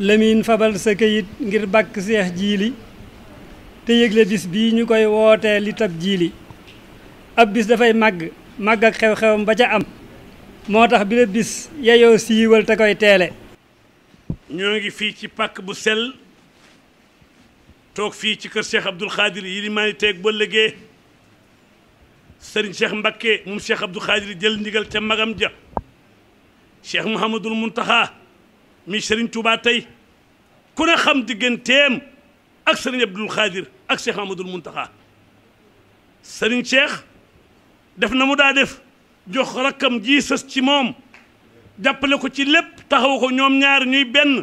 Lamine fabal sa kayit ngir bàkk seex jiili te yëgle bis bii ñu koy wootee li tab jiili ab bis dafay màgg màgg ak xew-xewam ba ca am moo tax bi la bis yeyoo siiwal te koy teele ñoo ngi fii ci pàkk bu sel toog fii ci kër Cheikh Abdoul Khadir yi li maay teeg ba sëriñ Cheikh Mbakke moom Cheikh Abdoul Khadir jël ndigal ca magam ja Cheikh Mouhamadul Muntaha mi Serigne Touba tey ku ne xam digganteem ak Serigne Abdoul Khadir ak Cheikh Amadou Mountakha Serigne Cheikh def na mu daa def jox rakkam ji sës ci moom jàppale ko ci lépp taxaw ko ñoom ñaar ñuy benn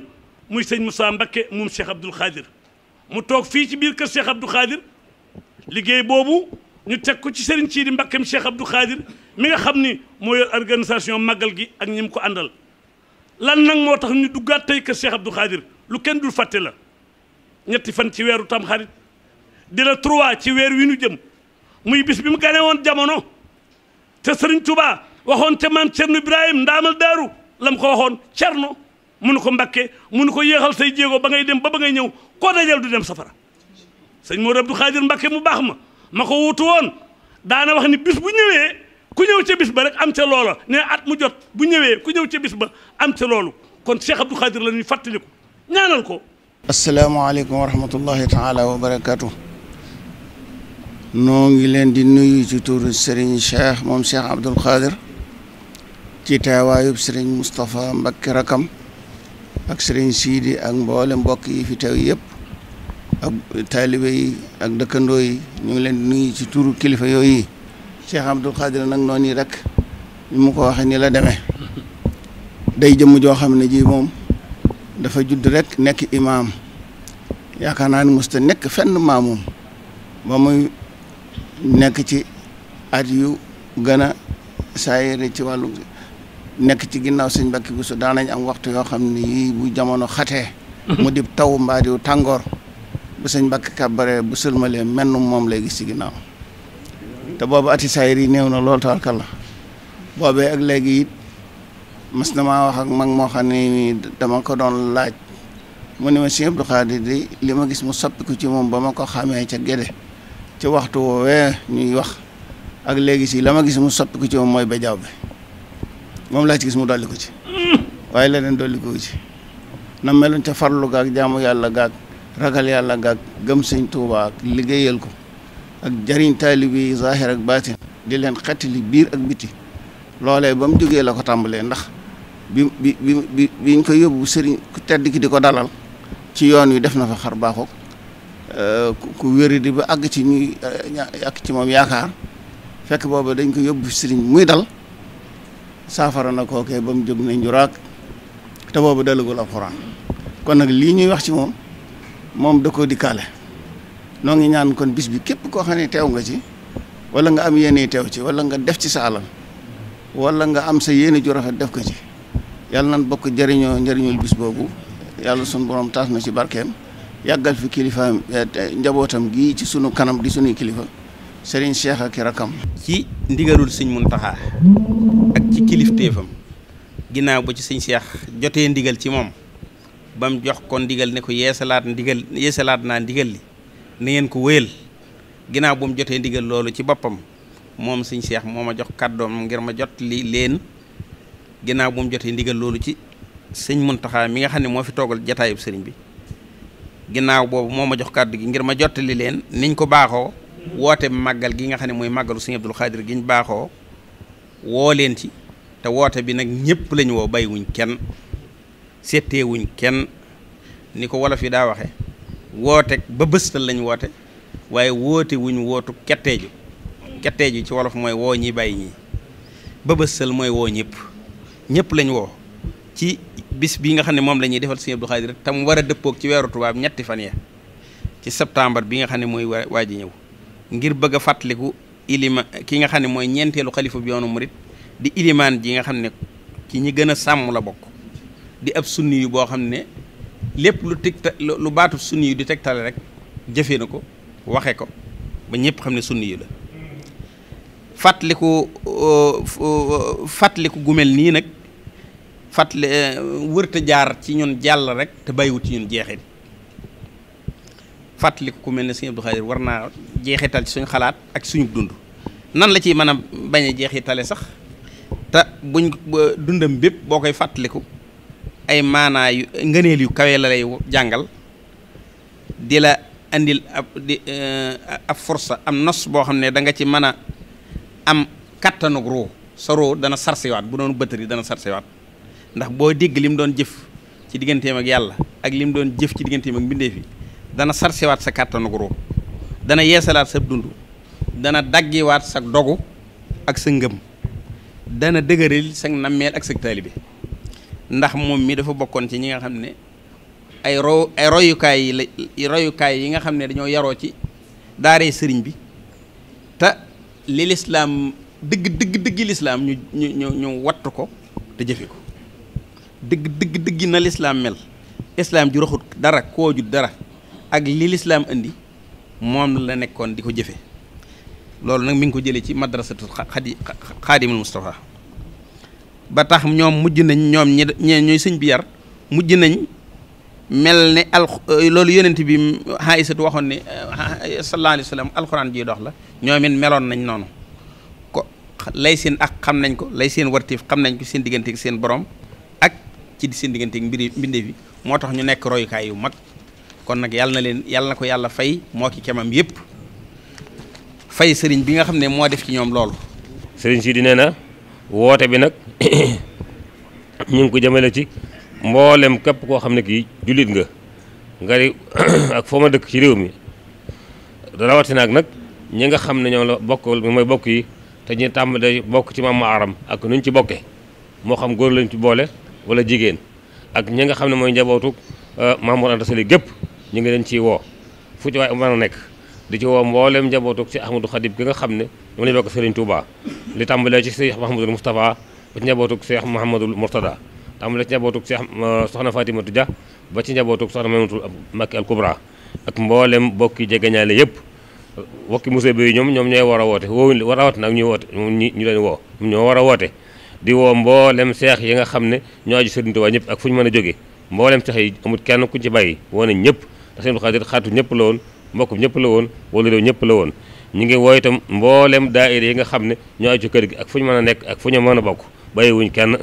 muy sëñ Moussa Mbakke mu Cheikh Abdoul Khadir mu toog fii ci biir kër Cheikh Abdoul Khadir liggéey boobu ñu teg ko ci Serigne Sidi Mbakkeem Cheikh Abdoul Khadir mi nga xam ni moo yor organisation màggal gi ak ñim ko àndal. lan nag moo tax ñu duggaat tey kër Cheikh Abdou Khadir lu kenn dul fàtte la ñetti fan ci weeru tamxarit di la trois ci weer wi nu jëm muy bis bi mu gane woon jamono te sëriñ tubaa waxoon ca maam Thierno Ibrahim ndaamal daaru la ko waxoon Thierno munu ko mbakke munu ko yéexal say jéego ba ngay dem ba ba ngay ñëw koo dajal du dem safara sëñ Mor Abdou Khadir Mbakke mu baax ma ma ko wutu woon daana wax ni bis bu ñëwee. ku ñëw ca bis ba rek am ca loola ne at mu jot bu ñëwee ku ñëw ca bis ba am ca loolu kon Cheikh Abdou Khadir la ñuy fàttaliku ñaanal ko. asalaamaaleykum wa rahmatullahi taala wa barakaatu. noo ngi leen di nuyu ci turu Serigne Cheikh moom Cheikh Abdou Khadir ci teewaayub Serigne Moustapha Mbacke rakam ak Serigne Sidi ak mboole mbokk yi yëpp. ak taalibe ak dëkkandoo yi ñu ngi leen di nuyu ci turu kilifa yooyu Cheikh Abdoul Khadir nag noonu rek ni mu ko waxee ni la demee day jëmm joo xam ne jii moom dafa judd rek nekk imaam yaakaar naa ni musta nekk fenn maamum ba muy nekk ci at yu gën a saayere ci wàllu nekk ci ginnaaw sëñ Mbàkke Buso daanañ am waxtu yoo xam ne yii bu jamono xate mhm. mu dib taw mbaa diw tàngoor bu sëñ Mbàkke kàbbaree bu sëlmalee menn moom lay gis ci ginnaaw te boobu ati saayir néew na loolu tawarkal la boobee ak léegi it mas na maa wax ak mag moo xam ne ni dama ko doon laaj mu ne ma Sëñ Abdou li ma gis mu soppiku ci moom ba ma ko xamee ca Gédé ci waxtu woowee ñuy wax ak léegi si la ma gis mu soppiku ci moom mooy bejaaw bi moom laa ci gis mu dolli ko ci waaye leneen dolli ko ci na meloon ca farlu gaag jaamu yàlla gaag ragal yàlla gaag gëm Sëñ Tuubaa ak liggéeyal ko ak jariñ taalibe yi zaahir ak baatin di leen xettali biir ak biti loole ba mu jógee la ko tàmbalee ndax bi bi bi biñ ko yóbbu sëriñ tedd ki di ko dalal ci yoon wi def na fa xar baaxoog euh, ku wéri di ba àgg ci ñuy euh, àgg ci moom yaakaar fekk booba dañ ko yóbbu sëriñ muy dal saafara na kookee ba mu jóg ne njuraag te boobu dalagul alxuraan kon nag lii ñuy wax ci moom moom da koo dikkaale noo ngi ñaan kon bis bi képp koo xam ne teew nga ci wala nga am yéene teew ci wala nga def ci sa alal wala nga am sa yéene ju rafet def ko ci yàlla nan bokk jëriñoo njëriñul bis boobu yàlla sunu boroom taas na ci barkeem yàggal fi kilifaam eh, njabootam gi ci sunu kanam di sunuy kilifa sëriñ Cheikh ak rakam. ci ndigalul sëñ Muntaxa ak ci kilifteefam ginnaaw ba ci sëñ Cheikh jotee ndigal ci moom bam jox ko ndigal ne ko yeesalaat ndigal yeesalaat naa ndigal li na ngeen ko wéyal ginnaaw bu mu jotee ndigal loolu ci boppam moom sëñ seex moo ma jox kàddoom ngir ma jot li leen ginnaaw bu mu jotee ndigal loolu ci sëñ Muntaxa mi nga xam ne moo fi toogal jataayub sëriñ bi ginnaaw boobu moo ma jox kàddu gi ngir ma jottali leen niñ ko baaxoo woote màggal gi nga xam ne mooy màggalu sëñ Abdul Xaadir gi ñu baaxoo woo leen ci te woote bi nag ñëpp lañu woo bàyyiwuñ kenn seetewuñ kenn ni ko wolof yi daa waxe wooteeg ba bëstal lañ woote waaye woote wuñ wootu ketteeju ketteeju ci wolof mooy woo ñi bàyyi ñi ba bëstal mooy woo ñëpp ñëpp lañ woo ci bis bi nga xam ne moom la ñuy defal Sëriñ Abdou Khadre tam war a dëppoog ci weeru tubaab ñetti fan ya ci septembre bi nga xam ne mooy waa ji ñëw ngir bëgg a fàttaliku ilima ki nga xam ne mooy ñeenteelu xalifa bi yoonu murit di ilimaan ji nga xam ne ci ñi gën a sàmm la bokk di ab sunni yu boo xam ne lépp lu tegta lu baatu sunni yu di tegtale rek jëfee na ko waxe ko ba ñëpp xam ne sunni yu la fàttaliku uh, uh, fàttaliku gu mel nii nag fàttali uh, wërta jaar ci ñun jàll rek te bàyyiwut ci ñun jeexit fàttaliku ku mel ne sëñ Abdou Khadir war naa jeexital ci suñu xalaat ak suñu dund nan la ciy mën a bañ jeexitale sax te buñ dundam bépp boo koy fàttaliku ay maanaayu yu ngëneel yu kawe la lay jàngal di la indil ab di eh, ab forsa am nos boo xam ne da nga ci mën a am kattanug ruu sa ruu dana sarsewaat bu doon bëtëri dana sarsewaat ndax boo dégg li mu doon jëf ci digganteem ak yàlla ak li mu doon jëf ci digganteem ak mbindeef yi dana sarsewaat sa kattanug ruu dana yeesalaat sa dund dana daggiwaat sa dogu ak sa ngëm dana dëgëral sa nammeel ak sa taalibe ndax moom mi dafa bokkoon ci ñi nga xam ne ay ro ay royukaay yi la royukaay yi nga xam ne dañoo yaroo ci daaree sëriñ bi te li lislaam dëgg dëgg dëgg lislaam ñu ñu ñu ñu wattu ko te jëfe ko dëgg dëgg dëgg na lislaam mel islaam ju raxut dara koo ju dara ak li lislaam indi moom la nekkoon di ko jëfe loolu nag mi ngi ko jëlee ci madrasatu xadi xaadimul Mustafa ba tax ñoom mujj nañ ñoom ñi ñee ñuy sëñ bi yar mujj nañ mel ne al euh, loolu yonent bi Aysatu waxoon ne euh, sallallahu alayhi wa alxuraan ji dox la ñoom meloon nañ noonu ko lay seen ak xam nañ ko lay seen wartiif xam nañ ko seen digganteeg seen borom ak ci seen digganteeg mbiri mbindee bi moo tax ñu nekk royukaay yu mag kon nag yàlla na leen yàlla na ko yàlla fay moo ki kemam yépp fay sëriñ bi nga xam ne moo def ci ñoom loolu sëriñ si di nee na woote bi nag ñu ngi ko jëmale ci mboolem képp koo xam ne kii jullit nga nga di ak foo ma dëkk ci réew mi rawatina ak nag ñi nga xam ne ñoom la bokk mooy bokk yi te ñu tàmm day bokk ci maam aram ak nuñ ci bokkee moo xam góor lañ ci boole wala jigéen ak ñi nga xam ne mooy njabootu uh, Maam Mor Anta Sali gépp ñu ngi leen ciy woo fu ci waaye mën nekk di ci woo mbooleem njabootu ci Ahmadou Khadim gi nga xam ne mu lay bokk Serigne Touba li tàmbalee ci Cheikh Mouhamadul Moustapha ba ci njabootug Cheikh Mouhamadul Mourtada tàmbalee ci njabootug Cheikh euh, soxna Fatimatu Dia ba ci njabootug soxna Maymunatul Makki al Kubra ak mboolem bokki jegeñaale yëpp bokki musée bi ñoom ñoom ñooy war a woote woo war a woote nag ñuy ñu leen woo ñoo war a woote di woo mboolem seex yi nga xam ne ñoo aju Serigne Touba ñëpp ak fu ñu mën a jóge mboolem seex yi amul kenn ku ci bàyyi woo nañ ñëpp ndax seen xaatu ñëpp la woon mbokk ñëpp la woon wala réew ñëpp la woon ñu ngi woo itam daa daayira yi nga xam ne ñoo aju ci kër gi ak fu ñu mën a nekk ak fu ñu mën a bokk bàyyiwuñ kenn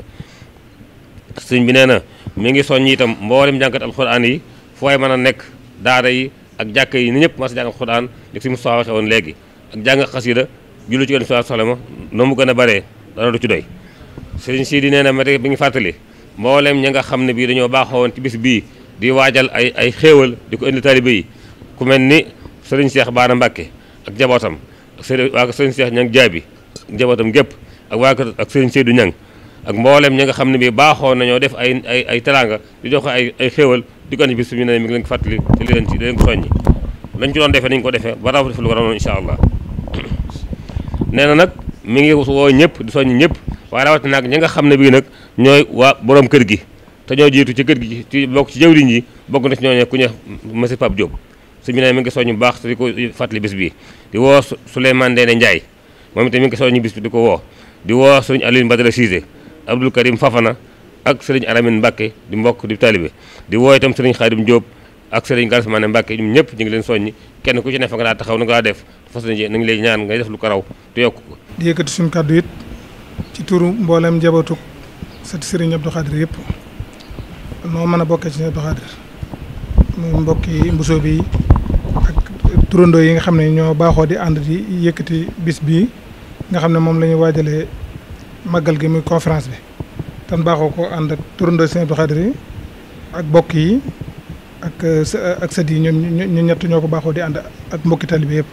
sëñ bi nee na mi ngi soññ itam mboolem jànkat alxuraan yi mën a nekk daara yi ak jàkk yi ni ñëpp mas jàng alxuraan li si Moustapha waxee woon léegi ak jàng xasida jullu ci yoon saa ma noo mu gën a baree dara du ci doy sëriñ si di nee na mate bi ngi fàttali mbooleem ñi nga xam ne bii dañoo baaxoon ci bis bii di waajal ay ay xéewal di ko indi taalibe yi ku mel ni sëriñ Cheikh Baara Mbacke ak jabootam ak sëriñ waa ko sëriñ Cheikh jaay bi njabootam gépp ak waa ko ak sëriñ Seydou Niang ak mboolem ñi nga xam ne bii baaxoo nañoo def ay ay ay teraanga di jox ay ay xéewal di ko bi bis suñu ne mi ngi leen ko fàttali te leen ci leen ko soññi lañ defee nañ ko defee ba def lu ko doon incha allah na nag mi ngi woo ñëpp di soññ ñëpp waaye ñi nga xam ne bii nag ñooy waa borom kër gi te ñoo jiitu ci kër gi ci bokk ci jëwriñ yi bokk na ñoo ñooñu ku ñuy wax monsieur Pape sëñ bi ne mi ngi soññu bu baax di ko fàttali bis bi di woo Souleymane Ndéné Ndiaye moom itam mi ngi soññu bis bi di ko woo di woo sëriñ Alioune Badara Cissé Abdoul Karim Fafana ak sëriñ Aramine Mbacke di mbokk di taalibe di woo itam sëriñ Xaadim Diop ak sëriñ Galasmane Mbacke ñoom ñëpp ñu ngi leen soññi kenn ku ci ne fa nga daa taxaw na nga def fas nañu nañu lay ñaan ngay def lu ko raw te yokk ko. di yëkkati suñu kàddu it ci turu mboolem njabootu sët sëriñ Abdou Khadir yëpp noo mën a bokkee ci Abdou Khadir muy mbokki mbusoo bi ak turandoo yi nga xam ne ñoo baaxoo di ànd di yëkkati bis bi nga xam ne moom la ñu waajalee màggal gi muy conférence bi tan baaxoo ko ànd ak turandoo Sëñ Abdou Khadre yi ak mbokk yi ak ak sët yi ñoom ñu ñett ñoo ko baaxoo di ànd ak mbokki taalibe yëpp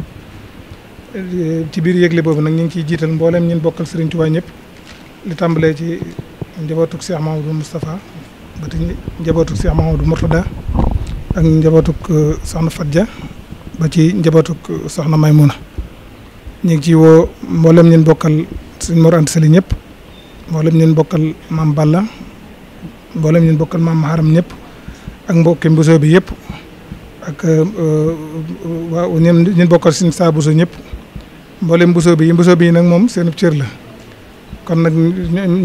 ci biir yëgle boobu nag ñu ngi ciy jiital mboolem ñun bokkal Serigne Touba ñëpp li tàmbalee ci njabootuk Cheikh Mahamadou Moustapha ba ci njabootuk Cheikh Mahamadou ak njabootuk uh, soxna ja ba ci njabootuk uh, soxna Maymuna ñu ngi ci woo mboolem ñeen bokkal suñ Mor Anta Sali ñëpp mboolem ñeen bokkal maam Balla mboolem ñeen bokkal maam Haram ñëpp ak mbokki mbusoo bi yëpp ak uh, waaw ñeen ñeen bokkal suñ saa buso ñëpp mboolem mbusoo bi mbusoo bi nag moom seen cër la kon nag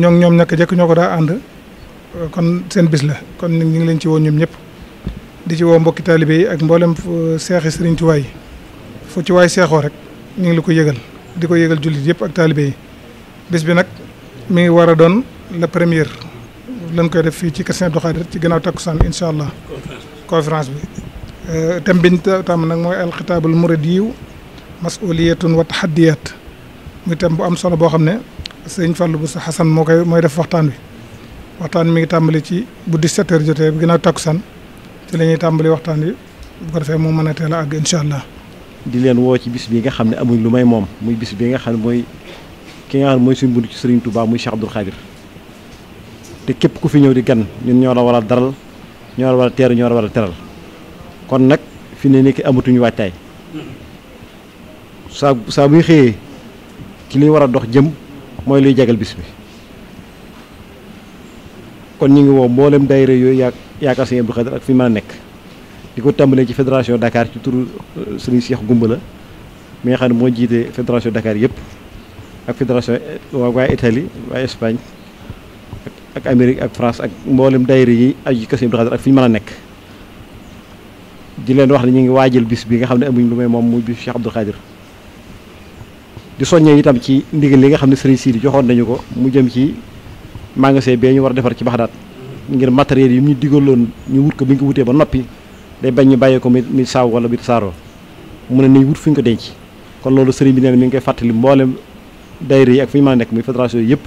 ñoom ñoom ñàkk jekk ñoo ko daa ànd kon seen bis la kon ñu ngi leen ci woo ñoom ñëpp di ci woo mbokki taalibe ak mboolem seexi sëriñ Tuubaa yi fu ci waay seexoo rek ñu ngi la ko yëgal di ko yëgal jullit yëpp ak taalibe yi bis bi nag mi ngi war a doon la première lañ koy def fii ci Kër Sëriñ Abdou Khadre ci gannaaw takkusaan incha allah conférence bi euh, thème biñ tam nag mooy alxitaabul murid yiw masuliyatun wa taxaddiyaat muy thème bu am solo boo xam ne sëriñ Fallou Boussa Xasan moo koy mooy def waxtaan wi waxtaan mi ngi tàmbali ci bu 17 heures jotee ginnaaw takkusaan ci la ñuy tàmbali waxtaan wi bu ko defee mën a teel a àgg incha di leen woo ci bis bi nga xam ne amuñ lu may moom muy bis bi nga xam ne mooy ki nga xam ne mooy suñu bunt ci Serigne Touba muy Cheikh Abdoul Khadir te képp ku fi ñëw di gan ñun ñoo la war a daral ñoo la war a teer ñoo la war a teral kon nag fi ne nekk amatuñu waajtaay saa saa buy xëyee ci li war a dox jëm mooy luy jagal bis bi. kon ñu ngi woo mboolem daayira yooyu yaa yaakaar sëñ Abdou Khadr ak fi mën a nekk di ko tàmbalee ci fédération Dakar ci turu euh, sëriñ Cheikh Goumbala mi nga xam ne moo jiite fédération Dakar yëpp ak fédération euh, waa Italie waa Espagne ak Amérique ak France ak mboolem daayira yi aju kër sëñ Abdou Khadr ak fi ñu a nekk di leen wax ne ñu ngi waajal bis bi nga xam ne amuñ lu may moom mu bis Cheikh Abdou Khadr di soññee itam ci ndigal li nga xam ne sëriñ Sidi joxoon nañu ko mu jëm ci. magasin bee ñu war a defar ci baxdaat ngir matériel yi ñu digaloon ñu wut ko bi ñu ko wutee ba noppi day bañ ñu bàyyee ko mi mi saaw wala bi saaroo mu ne nii wut fu ñu ko denc kon loolu sëriñ bi nee na mi ngi koy fàttali mboolem daayira yi ak fu nekk muy fédération yëpp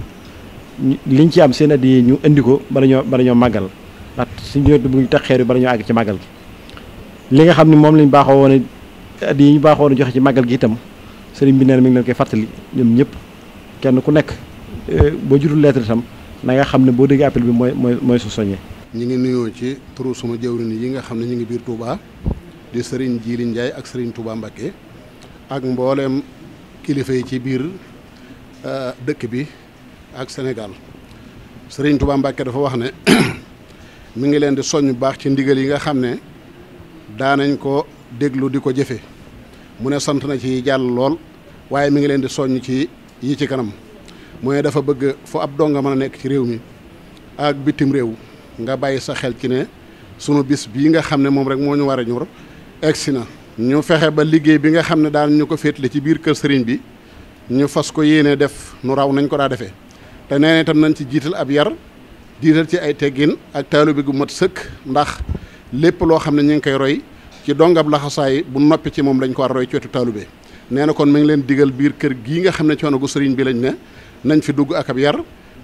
liñ ci am seen addi yi ñu indi ko bala ñoo bala ñoo màggal ndax suñu bu ñu tax xeer bi bala àgg ci màggal gi li nga xam ne moom lañ baaxoo woon addi yi ñu baaxoo woon joxe ci màggal gi itam sëriñ bi nee mi ngi leen koy fàttali ñoom ñëpp kenn ku nekk eh, boo jurul lettre itam nanga xam ne boo déggee appel bi mooy mooy mooy su soññee. ñu ngi nuyoo ci turu suma jawrin yi nga xam ne ñu ngi biir Touba di sëriñ Djili njaay ak sëriñ Touba Mbacké ak mbooleem kilifa yi ci biir euh, dëkk bi ak Sénégal sëriñ Touba Mbacké dafa wax ne mu ngi leen di soññ baax ci ndigal yi nga xam ne daanañ ko déglu di ko jëfe mu ne sant na ci jàll lool waaye mi ngi leen di soññ ci yi ci kanam. mooy dafa bëgg fu ab donga mën nekk ci réew mi ak bitim réew nga bàyyi sa xel ci ne sunu bis bii nga xam ne moom rek moo ñu war a ñor egsi na ñu fexe ba liggéey bi nga xam ne daan ñu ko féetale ci biir kër sëriñ bi ñu fas ko yéene def nu raw nañ ko daa defee te nee itam nañ ci jiital ab yar jiital ci ay teggin ak taalibe gu mat sëkk ndax lépp loo xam ne ñu ngi koy roy ci dongab laxasaay bu noppi ci moom lañ ko war a roy ci wetu taalibe nee na kon mi ngi leen digal biir kër gii nga xam ne coono gu sëriñ bi ne nañ fi dugg ak ab yar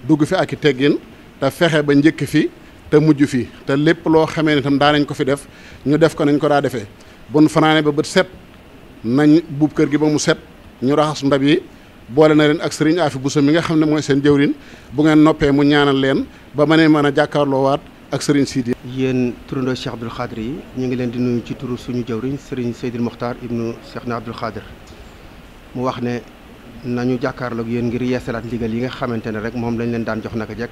dugg fi ak i teggin te fexe ba njëkk fi te mujj fi te lépp loo xamee ne itam daa nañ ko fi def ñu def ko nañ ko daa defee bun fanaane ba bët set nañ buub kër gi ba mu set ñu raxas ndab yi boole na leen ak sëriñ Afi Bousso mi nga xam ne mooy seen jëwrin bu ngeen noppee mu ñaanal leen ba ma ne mën a jàkkaarloowaat ak sëriñ Sidi. yéen turandoo Cheikh Abdoul Khadir yi ñu ngi leen di nuyu ci turu suñu jëwriñ sëriñ Seydil Mokhtar ibnu Cheikh na Abdoul Khadir nañu jàkkaarloog yéen ngir yeesalaat ndigal yi nga xamante ne rek moom lañ leen daan jox naka jekk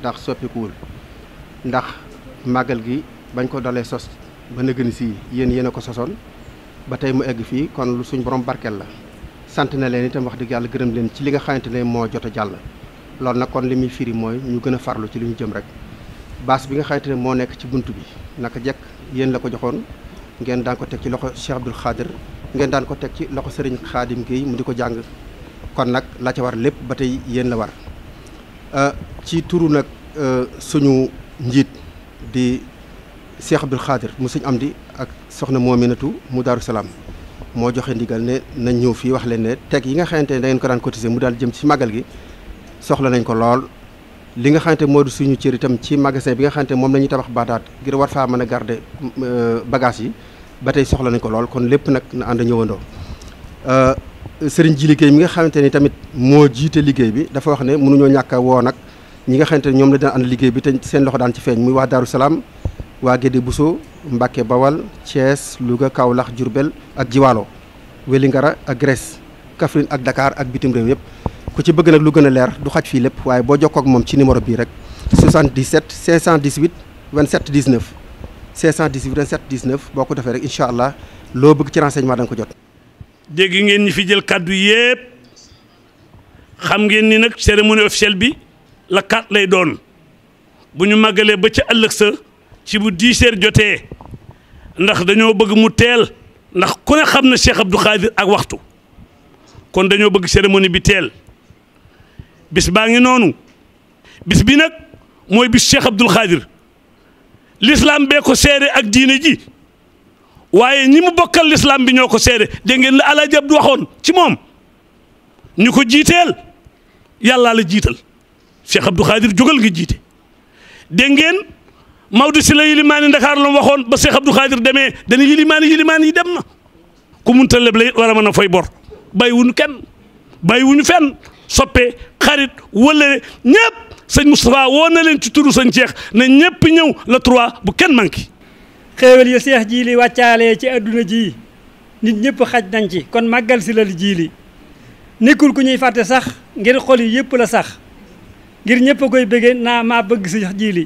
ndax soppikuwul ndax màggal gi bañ ko dalee sos ba nëgën si yéen yéen a ko sosoon ba tey mu egg fii kon lu suñ borom barkeel la sant na leen itam wax dëgg yàlla gërëm leen ci li nga xamante ne moo jot a jàll loolu na kon li muy firi mooy ñu gën a farlu ci li ñu jëm rek baas bi nga xamante ne moo nekk ci bunt bi naka jekk yéen la ko joxoon ngeen daan ko teg ci loxo Cheikh Abdoul Khadir ngeen daan ko teg ci loxo Serigne Khadim Guèye di ko jàng kon nag la ca war lépp ba tey yéen la war euh, ci turu nag euh, suñu njiit di Cheikh Abdoul Khadir mu suñ am di ak soxna Moominatu mu Daaru Salaam moo joxe ndigal ne nañ ñëw fii wax leen ne teg yi nga xamante ne da ko daan cotiser mu daal jëm ci màggal gi soxla nañ ko lool li nga xamante moo di suñu cër itam ci magasin bi nga xamante moom la ñuy tabax baataat ngir war faa mën a garde euh, bagage yi ba tey soxla nañ ko lool kon lépp nag na ànd ñëwandoo sëriñ ji liggéey mi nga xamante ni tamit moo jiite liggéey bi dafa wax ne mënuñoo ñàkk woo nag ñi nga xamante ne ñoom la daan ànd liggéey bi te seen loxo daan ci feeñ muy waa Daaru Salaam waa Gédé Bousso mbakke Bawal Thiès Louga Kaolack Diourbel ak Jiwaalo Wélingara ak Grèce Kaffrine ak Dakar ak bitim réew yëpp ku ci bëgg nag lu gën a leer du xaj fii lépp waaye boo jokkoo ak moom ci numéro bii rek 77 518 27 19 518 27 19 boo ko defee rek incha allah loo bëgg ci renseignement da nga ko jot. dégg ngeen ñi fi jël kàddu yépp xam ngeen ni nag cérémonie officielle bi la kat lay doon bu ñu màggalee ba ca ëllëg sa ci bu dix jotee ndax dañoo bëgg mu teel ndax ku ne xam na Cheikh Abdou Khadir ak waxtu kon dañoo bëgg cérémonie bi teel bis baa ngi noonu bis bi nag mooy bis Cheikh Abdou Khadir l'islam bee ko seere ak diine ji waaye ñi mu bokkal lislaam bi ñoo ko seede dégg ngeen la Alaaji Abdu waxoon ci moom ñu ko jiiteel yàllaa la jiital Cheikh Abdou Khadir jógal nga jiite dégg ngeen Maodo si la yilimaani Ndakaar la waxoon ba Cheikh Abdou Khadir demee dana yilimaani yilimaani yi dem na ku munta leble it war a mën a fay bor bàyyi wuñu kenn bàyyi wuñu fenn soppe xarit wala ñëpp sëñ Moustapha woo na leen ci turu sëñ Cheikh ne ñëpp ñëw la trois bu kenn manqué xéewal yu seex jiili wàccaalee ci àdduna ji nit ñëpp xaj nañ ci kon màggal si la li jiili nekkul ku ñuy fàtte sax ngir xol yi yëpp la sax ngir ñëpp a koy bëgge naa maa bëgg si jiili